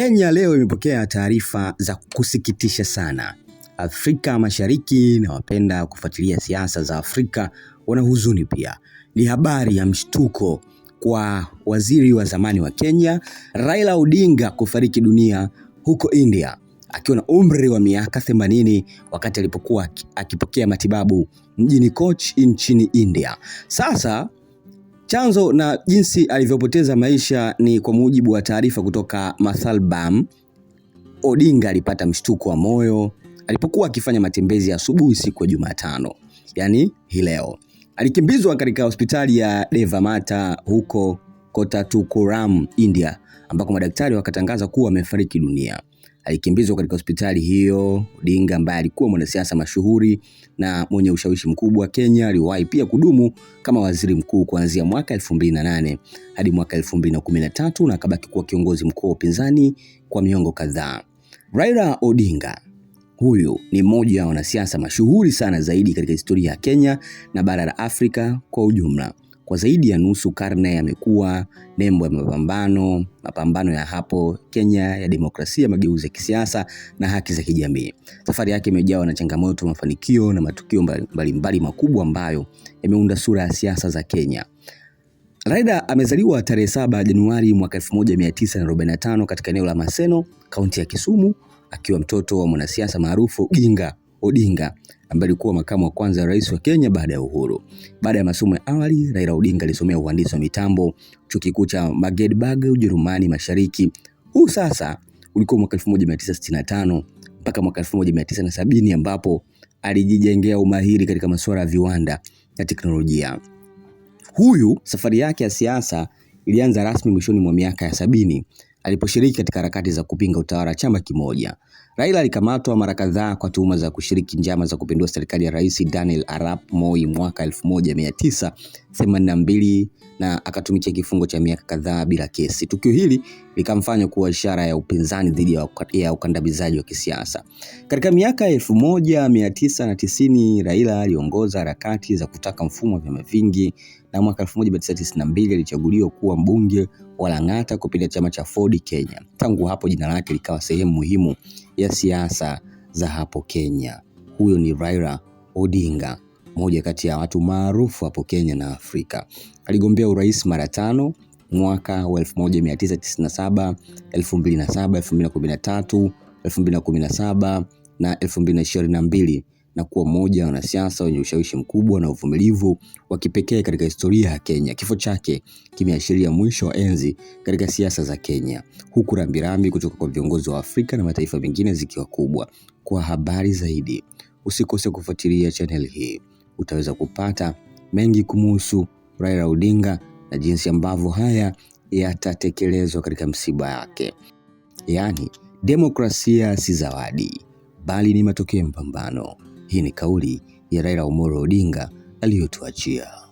Kenya leo imepokea taarifa za kusikitisha sana. Afrika Mashariki na wapenda kufuatilia siasa za Afrika wana huzuni pia. Ni habari ya mshtuko kwa waziri wa zamani wa Kenya Raila Odinga kufariki dunia huko India akiwa na umri wa miaka 80 wakati alipokuwa akipokea matibabu mjini Kochi nchini India. Sasa Chanzo na jinsi alivyopoteza maisha ni kwa mujibu wa taarifa kutoka Mathalbam. Odinga alipata mshtuko wa moyo alipokuwa akifanya matembezi ya asubuhi siku ya Jumatano, yaani hii leo. Alikimbizwa katika hospitali ya Devamata huko Koothattukulam, India, ambako madaktari wakatangaza kuwa amefariki dunia. Alikimbizwa katika hospitali hiyo. Odinga ambaye alikuwa mwanasiasa mashuhuri na mwenye ushawishi mkubwa Kenya, aliwahi pia kudumu kama waziri mkuu kuanzia mwaka 2008 hadi mwaka 2013 na akabaki kuwa kiongozi mkuu wa upinzani kwa miongo kadhaa. Raila Odinga huyu ni mmoja wa wanasiasa mashuhuri sana zaidi katika historia ya Kenya na bara la Afrika kwa ujumla. Kwa zaidi ya nusu karne yamekuwa nembo ya mapambano, mapambano ya hapo Kenya ya demokrasia, mageuzi ya kisiasa na haki za kijamii. Safari yake imejawa na changamoto, mafanikio na matukio mbalimbali mbali makubwa ambayo yameunda sura ya siasa za Kenya. Raila amezaliwa tarehe 7 Januari mwaka 1945 katika eneo la Maseno, kaunti ya Kisumu, akiwa mtoto wa mwanasiasa maarufu Ginga Odinga ambaye alikuwa makamu wa kwanza rais wa Kenya baada ya uhuru. Baada ya masomo ya awali, Raila Odinga alisomea uhandisi wa mitambo chuo kikuu cha Magdeburg Ujerumani Mashariki. Huu sasa ulikuwa mwaka 1965 mpaka mwaka 1970 ambapo alijijengea umahiri katika masuala ya viwanda na teknolojia. Huyu safari yake ya siasa ilianza rasmi mwishoni mwa miaka ya sabini aliposhiriki katika harakati za kupinga utawala wa chama kimoja. Raila alikamatwa mara kadhaa kwa tuhuma za kushiriki njama za kupindua serikali ya Rais Daniel Arap Moi mwaka 1982 na akatumikia kifungo cha miaka kadhaa bila kesi. Tukio hili likamfanya kuwa ishara ya upinzani dhidi ya ukandamizaji wa kisiasa. Katika miaka 1990 Raila aliongoza harakati za kutaka mfumo wa vyama vingi na mwaka 1992 alichaguliwa kuwa mbunge Walang'ata kupitia chama cha Ford Kenya. Tangu hapo jina lake likawa sehemu muhimu ya siasa za hapo Kenya. Huyo ni Raila Odinga, moja kati ya watu maarufu hapo Kenya na Afrika. Aligombea urais mara tano mwaka wa 1997, 2007, 2013, 2017 na 2022 na kuwa mmoja wanasiasa wenye ushawishi mkubwa na uvumilivu wa kipekee katika historia ya Kenya. Kifo chake kimeashiria mwisho wa enzi katika siasa za Kenya, huku rambirambi kutoka kwa viongozi wa Afrika na mataifa mengine zikiwa kubwa. Kwa habari zaidi, usikose kufuatilia channel hii. Utaweza kupata mengi kumuhusu Raila Odinga na jinsi ambavyo haya yatatekelezwa katika msiba yake Yaani, demokrasia si zawadi bali ni matokeo ya mpambano. Hii ni kauli ya Raila Amolo Odinga aliyotuachia.